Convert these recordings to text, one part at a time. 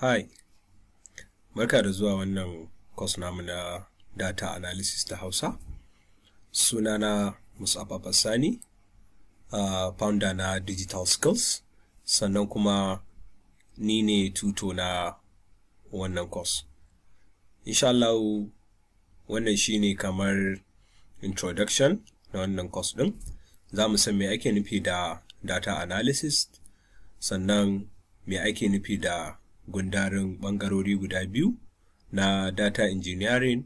Hi, barka da zuwa wannan kwas namu na data analysis da Hausa. Sunana Musabba sani uh, ah, founder na Digital Skills, sannan kuma ni ne tuto na wannan kwas. Allah wannan shi ne kamar introduction na wannan kwas ɗin. Za mu san me ake nufi da data analysis, sannan me ake nufi da gundarin bangarori guda biyu na data engineering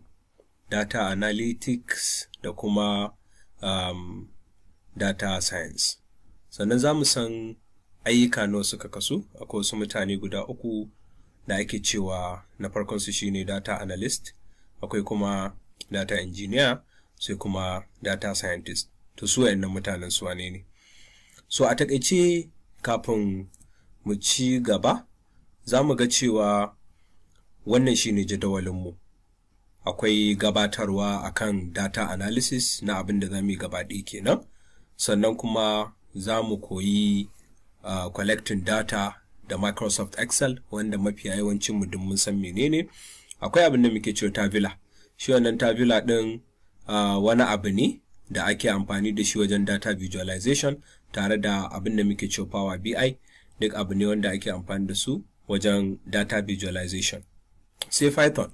data analytics da kuma um, data science sannan za mu san ayyuka nawa suka kasu akwai wasu mutane guda uku da ake cewa na farkon su shine data analyst akwai kuma data engineer sai kuma data scientist to su wayannan mutanen su wane ne so a takaice kafin mu ci gaba za mu ga cewa wannan shi shine jadawalinmu akwai gabatarwa akan data analysis na abin da za mu yi gabaɗe kenan sannan kuma za mu koyi uh, collecting data da microsoft excel wanda mafiya yawancin mu mun san menene akwai abin da muke cewa tabula shi wannan tabula ɗin uh, wani abu ne da ake amfani da shi wajen data visualization tare da abin da muke cewa power bi duk abu ne wanda ake amfani da su wajen data visualization. Sai Python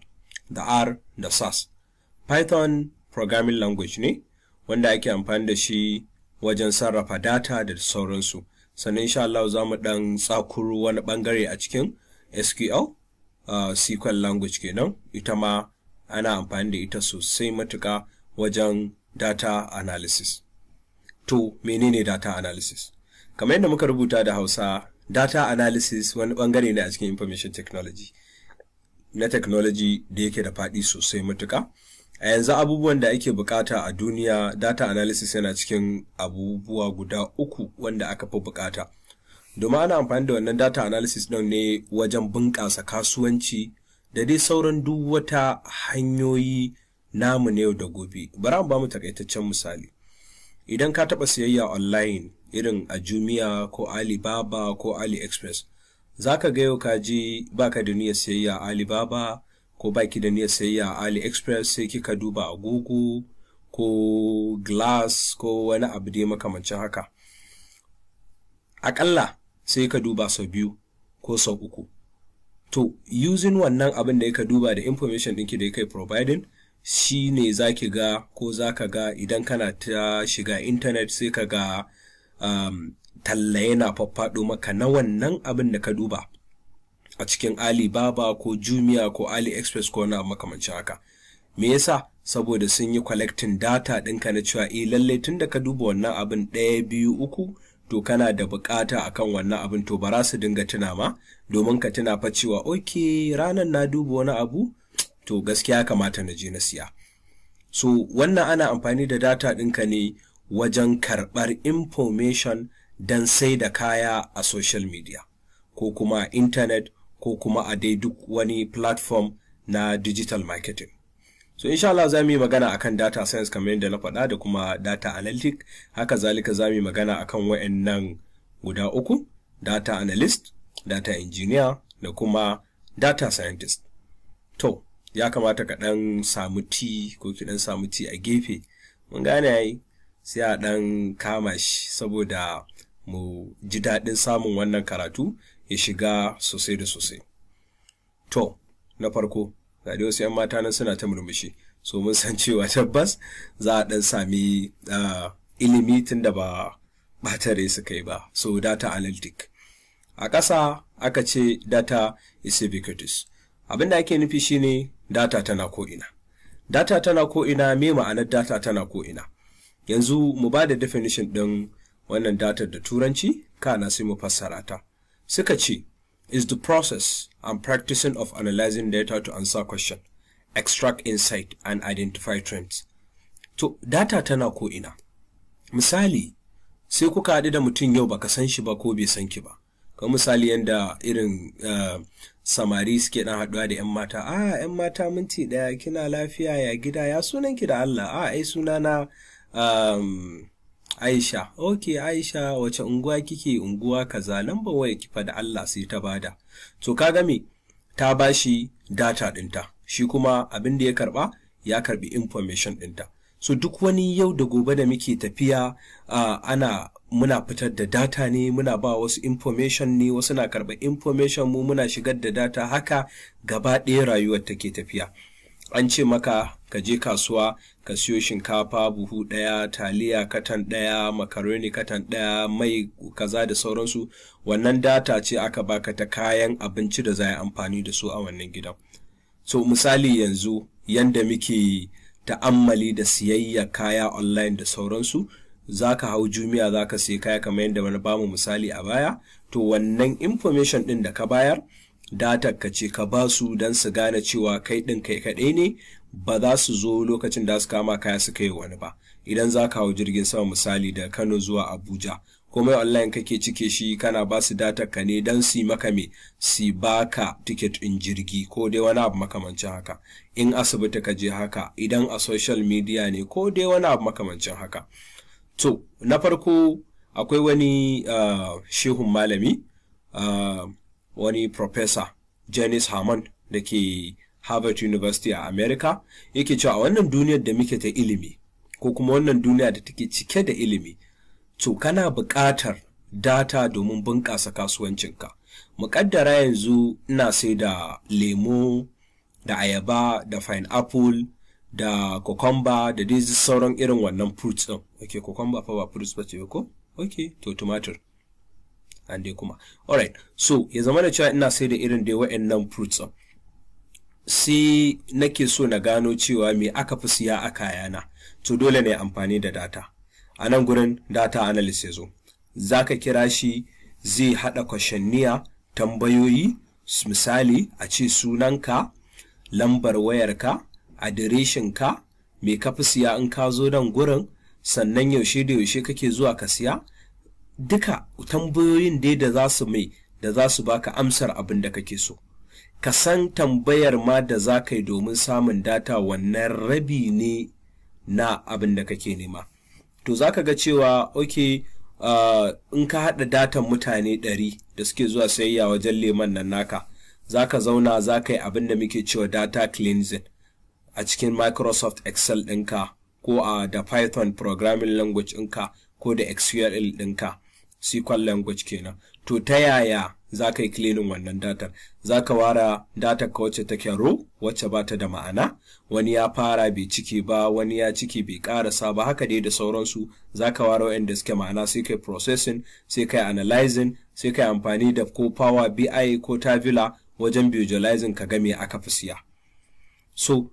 da R da SAS. Python programming language ne wanda ake amfani da shi wajen sarrafa data da sauransu. Sannan insha Allah za mu ɗan tsakuru wani ɓangare a cikin SQL, uh, SQL language kenan, ita ma ana amfani da ita sosai matuƙa wajen data analysis. To, menene data analysis? Kamar yadda muka rubuta da Hausa data analysis wani bangare ne a cikin information technology na technology da yake da faɗi sosai matuka a yanzu abubuwan da ake bukata a duniya data analysis yana cikin abubuwa guda uku wanda aka fi bukata domin ana amfani da wannan data analysis don ne wajen bunƙasa kasuwanci da dai sauran duk wata hanyoyi namu na yau da gobe bari ba mu takaitaccen misali idan ka taɓa siyayya online irin a Jumia ko Alibaba ko AliExpress. Za ka ga yau ka ji ka da niyyar sayayya a Alibaba ko ba ki da niyyar sayayya a AliExpress sai kika duba agogo ko glass ko wani abu dai makamancin haka. akalla sai ka duba sau biyu ko sau uku. To, using wannan abin da ka duba da information ɗinki da kai providing shi ne za ki ga ko za ka ga idan kana ta shiga intanet sai ka ga Um, talla yana faffaɗo maka na wannan abin da ka duba a cikin Alibaba ko Jumia ko AliExpress ko na makamancin haka. Me yasa? Saboda sun yi collecting data ɗinka na cewa e, eh, lallai tun da ka duba wannan abin ɗaya biyu uku to kana da bukata akan wannan abin to bara su dinga tuna ma domin ka tuna fa cewa ok ranar na duba wani abu to gaskiya kamata na je na siya. So wannan ana amfani da data ɗinka ne wajen karɓar information don sai da kaya a social media ko kuma internet ko kuma a dai duk wani platform na digital marketing so insha Allah za mu yi magana akan data science kamar yadda na faɗa da kuma data analytic haka zalika za mu yi magana akan wayannan guda uku data analyst data engineer da kuma data scientist to ya kamata ka ɗan samu ti ko ki ɗan samu ti a gefe mun gane yi. sai a ɗan kama shi saboda mu ji daɗin samun wannan karatu ya shiga sosai da sosai to na farko ga da wasu 'yan mata nan suna ta murmushi so mun san cewa tabbas za a ɗan sami ah, ilimi tun da ba batare su kai ba so data analytic a ƙasa aka ce data is ubiquitous abin da ake nufi shine data tana ko'ina data tana ko'ina me ma'anar data tana ko'ina yanzu mu ba da definition ɗin wannan datar da turanci kana sai mu fassara ta suka ce is the process and practicing of analyzing data to answer question extract insight and identify trends to data tana ko ina misali sai kuka haɗu da mutum yau baka san shi ba ko bai san ki ba Ka misali yadda irin eh, samari suke dan haɗuwa da 'yan mata a ah, 'yan mata minti ɗaya kina lafiya ya gida ya sunan ki da Allah a ah, ai sunana um, Aisha, ok Aisha wace unguwa kike unguwa kaza lamba waya ki da Allah sai ta bada. To kaga me ta ba shi data dinta, shi kuma abin da ya karba ya karbi information dinta. So duk wani yau da gobe da muke tafiya uh, ana muna fitar da data ne muna ba wasu information ne wasu na karba information mu muna shigar da data haka gaba ɗaya rayuwar take tafiya. an ce maka ka je kasuwa ka siyo shinkafa buhu ɗaya taliya katan ɗaya makaroni katan ɗaya mai kaza da sauransu wannan data ce aka baka ta kayan abinci da za a amfani da su a wannan gidan so misali yanzu yanda muke ta'ammali da siyayya kaya online da sauransu za ka hau jumiya za ka siya kaya kamar yadda wani bamu misali a baya to wannan information ɗin da ka bayar datar ka ce ka ba su don su gane cewa kai ɗin kai kaɗai ne ba za su zo lokacin da su kama kaya suka yi wani ba idan za ka hau jirgin sama misali da kano zuwa abuja komai online kake cike shi kana ba su datar ka ne don su yi maka me su ka tiket in jirgi ko dai wani abu makamancin haka in asibiti ka je haka idan a social media ne ko dai wani abu makamancin haka to na farko akwai wani uh, shehun malami uh, wani professor janis Hammond da ke Harvard University a Amerika yake cewa a wannan duniyar da muke ta ilimi ko kuma wannan duniya da take cike da ilimi to kana buƙatar data domin bunƙasa kasuwancinka muƙaddara yanzu ina sai da lemo da ayaba da fine apple, da cucumber da dai sauran irin wannan fruits ɗin ok cucumber fa ba fruits ba ce ko ok to tumatir an dai kuma alright so ya zama da cewa ina sai da irin dai wa'annan fruits sai nake so na gano cewa me aka fi siya a kayana to dole ne amfani da data a nan gurin data analysis. ya zo za ka kira shi zai haɗa kwashanniya tambayoyi misali a ce sunanka lambar wayarka adireshinka me ka fi siya in ka zo nan gurin sannan yaushe da yaushe kake zuwa ka siya duka tambayoyin dai da za su mai da za su baka amsar abin da kake so ka san tambayar ma da za ka yi domin samun data wannan rabi ne na abin da kake nema to za ka ga cewa ok in ka haɗa datan mutane ɗari da suke zuwa sayayya wajen leman nan naka za ka zauna za ka yi abin da muke cewa data cleansing a cikin microsoft excel ɗinka ko a da python programming language ɗinka ko da xql ɗinka SQL language kenan to ta yaya za ka yi cleaning wannan datar za ka ware datar ka wacce take ro wacce ba ta da ma'ana wani ya fara bai ciki ba wani ya ciki bai karasa ba haka dai da sauransu za ka ware wa'anda suke ma'ana sai kai processing sai kai analyzing sai kai amfani da ko power bi ko tabula wajen visualizing ka game aka fi siya so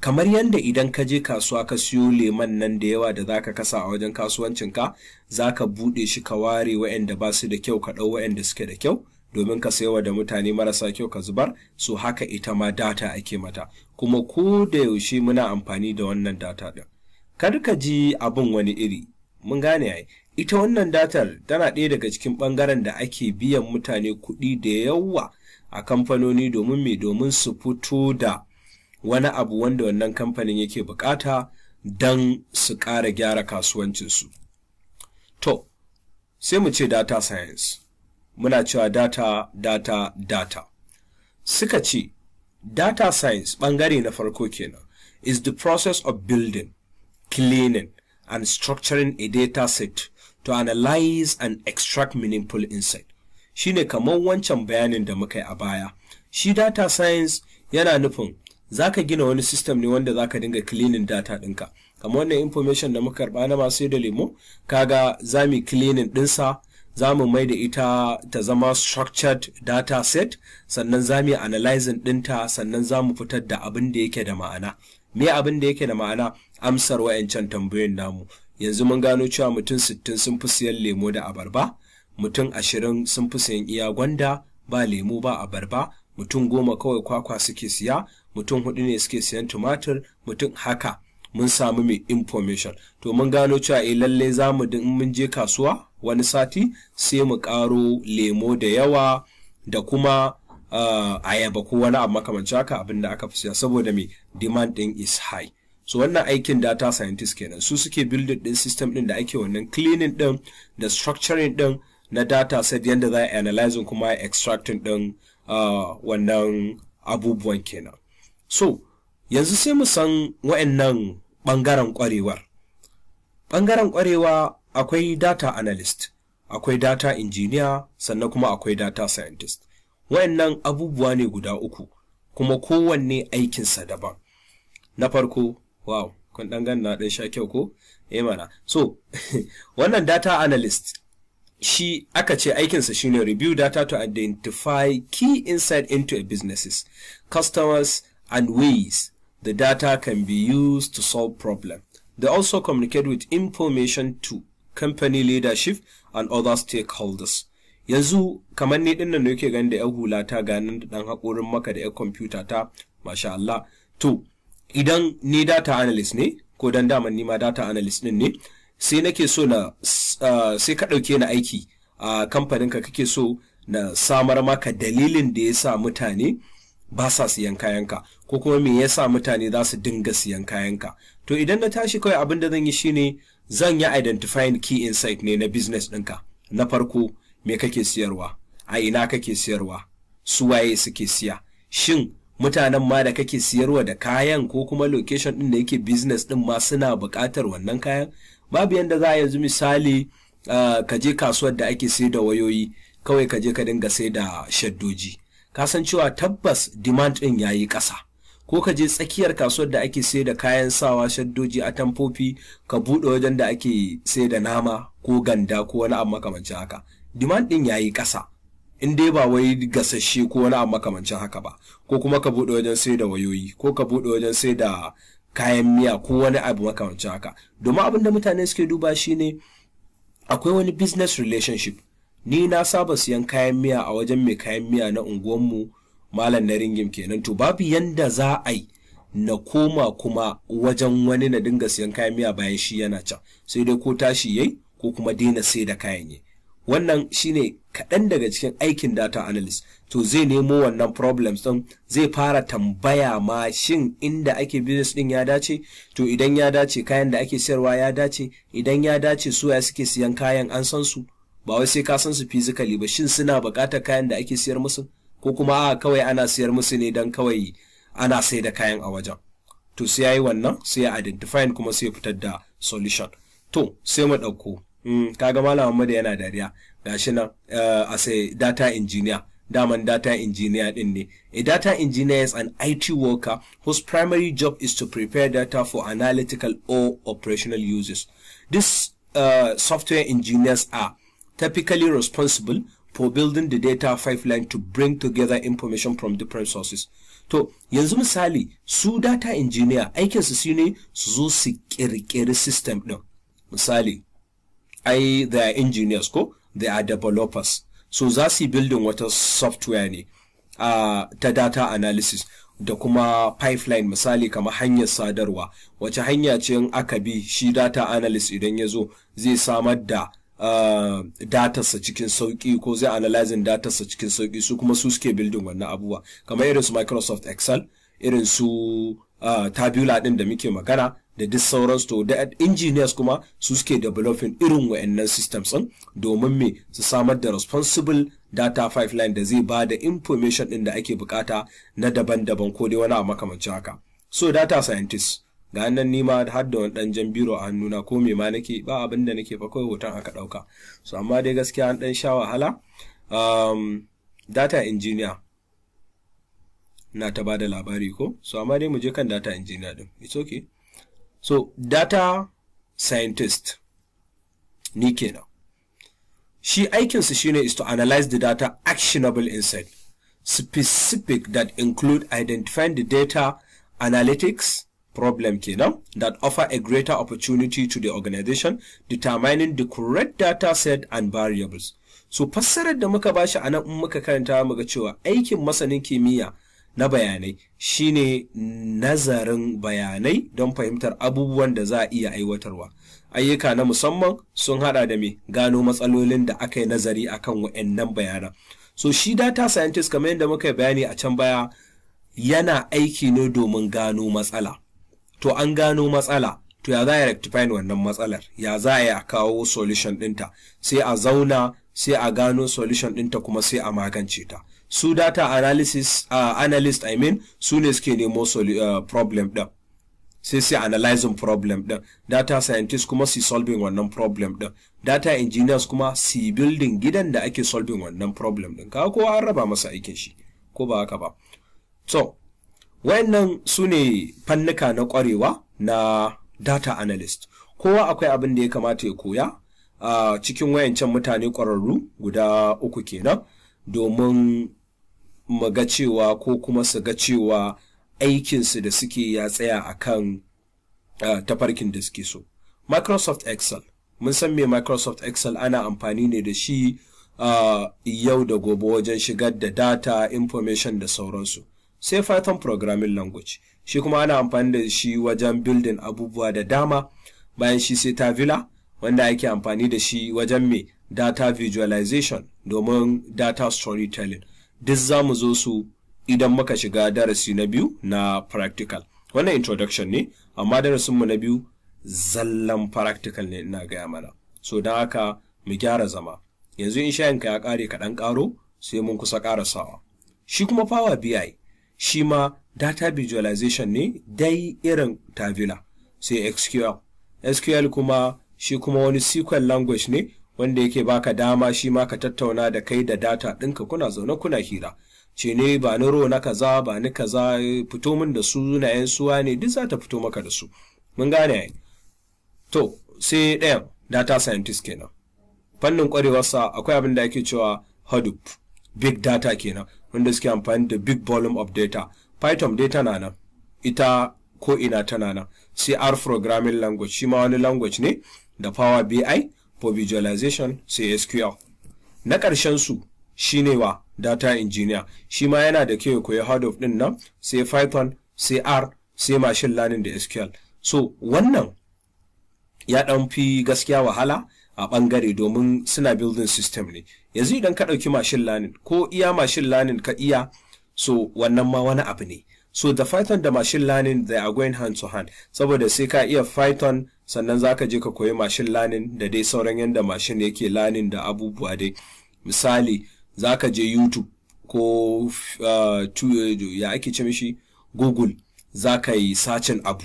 kamar yadda idan ka je kasuwa ka siyo leman nan da yawa da zaka kasa a wajen kasuwancinka za ka buɗe shi ka ware wa'anda ba su da kyau ka ɗau wa'anda suke da kyau domin ka sayawa da mutane marasa kyau ka zubar su haka ita ma data ake mata kuma ko da yaushe muna amfani da wannan data ɗin kar ka ji abin wani iri mun gane ai ita wannan datar tana ɗaya daga cikin ɓangaren da ake biyan mutane kuɗi da yawa a kamfanoni domin me domin su fito da wani abu wanda wannan kamfanin yake bukata don su ƙara gyara kasuwancinsu. To, sai mu ce data science, muna cewa data, data, data. Suka ce, data science ɓangare na farko kenan is the process of building, cleaning, and structuring a data set to analyze and extract meaningful insight. Shi ne kamar wancan bayanin da muka yi a baya. Shi data science yana nufin za ka gina wani system ne wanda za ka dinga cleaning data ɗinka kamar wannan information da muka karɓa na masu da lemo kaga za mu cleaning ɗinsa za mu mai da ita ta zama structured data set sannan za mu analyzing ɗinta sannan za mu fitar da abin da yake da ma'ana me abin da yake da ma'ana amsar wayancan tambayoyin namu yanzu mun gano cewa mutum 60 sun fi siyan lemo da abarba mutum 20 sun fi siyan iya gwanda ba lemo ba abarba mutum goma kawai kwakwa suke siya mutum hudu ne suke siyan tumatir mutum haka mun samu mai information to mun gano cewa eh lalle za mu din mun je kasuwa wani sati sai mu karo lemo da yawa da kuma uh, ayaba ko wani abu makamanci haka abin da aka fi siya saboda mai demand din is high so wannan aikin data scientist kenan su suke building din system din da ake wannan cleaning din da structuring din na data set yadda za a analyzing kuma extracting din uh, wannan abubuwan kenan so yanzu sai mu san wa'annan ɓangaren ƙwarewar ɓangaren ƙwarewa akwai data analyst akwai data engineer sannan kuma akwai data scientist wayannan abubuwa ne guda uku kuma kowanne aikinsa daban na farko wow kun dan ganna ɗan sha kyau ko eh mana so wannan data analyst shi aka ce aikinsa shine review data to identify key insight into a businesses customers and ways the data can be used to solve problems. They also communicate with information to company leadership and other stakeholders. Yanzu kamar ni dinnan ne yake ganin da ya hula ta ganin da dan hakorin maka da yan computer ta masha Allah. To idan ni data analyst ne ko dan daman ni ma data analyst din ne sai nake so na sai ka dauke ni aiki a kamfanin ka kake so na samar maka dalilin da ya sa mutane ba sa siyan kayanka ko kuma me yasa mutane za su dinga siyan kayanka to idan na tashi kawai abin da zan yi shine zan yi identifying key insight ne na business ɗinka na farko me kake siyarwa a ina kake siyarwa su waye suke siya shin mutanen ma da kake siyarwa da kayan ko kuma location ɗin da yake business ɗin ma suna buƙatar wannan kayan babu yanda za a yanzu misali ah, ka je kasuwar da ake sai da wayoyi kawai ka je ka dinga sai da shaddoji ka san cewa tabbas demand ɗin yayi ƙasa ko ka je tsakiyar kasuwar da ake sai da kayan sawa shaddoji a tamfofi ka buɗe wajen da ake sai da nama ko ganda ko wani abu makamancin haka demand ɗin yayi ƙasa in dai ba wai gasashe ko wani abu makamancin haka ba ko kuma ka buɗe wajen sai da wayoyi ko ka buɗe wajen sai da kayan miya ko wani abu makamancin haka domin abin da mutane suke duba shine akwai wani business relationship ni na saba siyan kayan miya a wajen mai kayan miya na unguwanmu malam na ringim kenan to babu yanda za a yi na koma kuma wajen wani na dinga siyan kayan miya bayan shi yana can sai dai ko tashi yayi ko kuma daina sai da kayan yi. wannan shine kaɗan daga cikin aikin data analyst to zai nemo wannan problems din, zai fara tambaya ma shin inda ake business din ya dace to idan ya dace kayan da ake siyarwa ya dace idan ya dace suya suke siyan kayan an san su ba wai sai ka san su physically ba shin suna bukatar kayan da ake siyar musu ko kuma a kawai ana siyar musu ne don kawai ana sai da kayan a wajen to sai ya wannan sai ya identify kuma sai ya fitar da solution to sai mu ɗauko hmm, kaga malam Ahmad yana dariya gashi nan eh, a sai data engineer daman data engineer din ne a data engineer is an IT worker whose primary job is to prepare data for analytical or operational uses this uh, software engineers are typically responsible for building the data pipeline to bring together information from different sources. To, yanzu misali, su data engineer aikinsu su ne su zo su kirkiri system ɗin. Misali, ai they are engineers ko, they are developers. So za su yi building wata software ne uh, ta data analysis da kuma pipeline misali kamar hanyar sadarwa. Wace hanya ce in aka bi shi data analyst idan yazo zai samar da Uh, datarsa cikin sauki ko zai analyzing datarsa cikin sauki su kuma su suke building wannan abubuwa kamar irin su Microsoft Excel irin su uh, tabula din da muke magana da duk sauran to da engineers kuma su suke developing irin wa'annan systems din domin me su samar da responsible data pipeline da zai ba da information din da ake bukata na daban-daban ko dai wani a makamancin haka so data scientist ga nan nima har da wani dan jan biro a hannuna ko me ma nake ba abin da nake fa kawai hoton aka dauka so amma dai gaskiya an dan sha wahala um, data engineer na ta bada labari ko so amma dai mu je kan data engineer din it's okay so data scientist ni kenan shi aikinsu shine is to analyze the data actionable insight specific that include identifying the data analytics problem kenan that offer a greater opportunity to the organization determining the correct data set and variables so fassarar da muka bashi a nan in muka karanta muga cewa aikin masanin kimiyya na bayanai shine nazarin bayanai don fahimtar abubuwan da za a iya aiwatarwa ayyuka na musamman sun hada da me gano matsalolin da aka yi nazari akan wa'annan bayanan so shi data scientist kamar yadda muka bayani a can baya yana aiki ne domin gano matsala to an gano matsala to ya za a rectifying wannan matsalar ya za a yi a kawo solution dinta? sai a zauna sai a gano solution dinta, kuma sai a magance ta su data analysis uh, analyst i mean su ne suke nemo uh, problem ɗin sai sai analyzing problem ɗin data scientist kuma su solving wannan problem ɗin data engineers kuma su building gidan da ake solving wannan problem ɗin kawo kowa an raba masa aikin shi ko ba haka ba so wayannan su ne fannuka na kwarewa na data analyst kowa akwai abin da ya kamata ya koya a cikin wayancan mutane kwararru guda uku kenan domin mu ga cewa ko kuma su ga cewa aikinsu da suke ya tsaya a kan tafarkin da suke so microsoft excel mun san me microsoft excel ana amfani ne da shi yau da gobe wajen shigar da data information da sauransu sai Python programming language shi kuma ana amfani da shi wajen building abubuwa da dama bayan shi sai Tavila wanda ake amfani da shi wajen mai data visualization domin data storytelling duk za mu zo su idan muka shiga darasi na biyu na practical wannan introduction ne amma darasin mu na biyu zallan practical ne ina gaya mana so don haka mu gyara zama yanzu in yanka ya kare kaɗan ƙaro sai mun kusa ƙarasawa shi kuma power bi shi ma data visualization ne dai irin tabula sai SQL. SQL kuma shi kuma wani SQL language ne wanda yake baka dama shi ma ka tattauna da kai da data ɗinka kuna zaune kuna hira. ce ne ba ni ro na kaza ba ni kaza fito min da su na suwa ne duk za ta fito maka da su mun gane ai to sai ɗayan data scientist kenan fannin ƙwarewarsa akwai abin da ake cewa hadoop big data kenan wanda suke amfani da big volume of data python dai tana nan ita ko ina tana nan sai r programming language shi ma wani language ne da power bi for visualization sai sql na ƙarshen su shine wa data engineer shi ma yana da kyau koyi hard of din nan sai python sai r sai machine learning da sql so wannan ya ɗan fi gaskiya wahala a bangare domin suna building system ne yanzu idan ka ɗauki machine learning ko iya machine learning ka iya so wannan ma wani abu ne so da python da machine learning they are going hand to hand saboda sai ka iya python sannan zaka je ka koyi machine learning da dai sauran yadda machine yake learning da abubuwa dai misali zaka je youtube ko ah, ya ake ce mishi google zaka yi sacin abu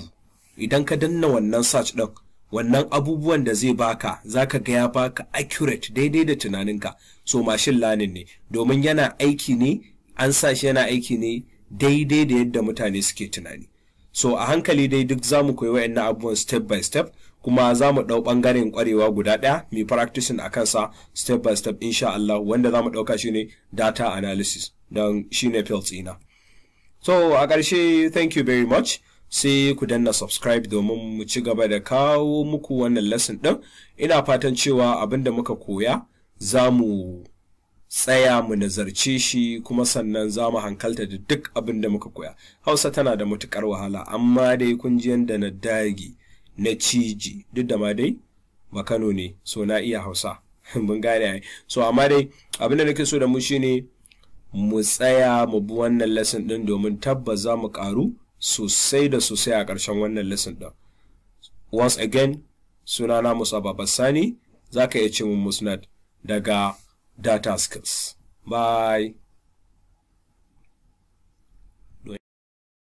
idan ka danna wannan search ɗin wannan abubuwan da zai baka zaka ga ya baka accurate daidai da tunaninka so mashin lanin ne domin yana aiki ne an sa shi yana aiki ne daidai da yadda mutane suke tunani so a hankali dai duk za mu koyi wa'annan abubuwan step by step kuma za mu ɗau ɓangaren kwarewa guda ɗaya mai practicing a kansa step by step insha Allah wanda za mu ɗauka shi ne data analysis don shi ne ina so a ƙarshe thank you very much sai ku danna subscribe domin mu ci gaba da kawo muku wannan lesson ɗin ina fatan cewa abin da muka koya za mu tsaya mu nazarce shi kuma sannan za mu hankalta da duk abin da muka koya hausa tana da matukar wahala amma dai kun ji na dage na ciji duk da ma dai ba ne so na iya hausa mun gane ai so amma dai abin da nake so da mu shine mu tsaya mu bi wannan lesson ɗin domin tabbas za mu karu sosai da sosai a ƙarshen wannan lesson ɗin once again sunana musa babassani za ka iya ce mun musnad daga data skills bye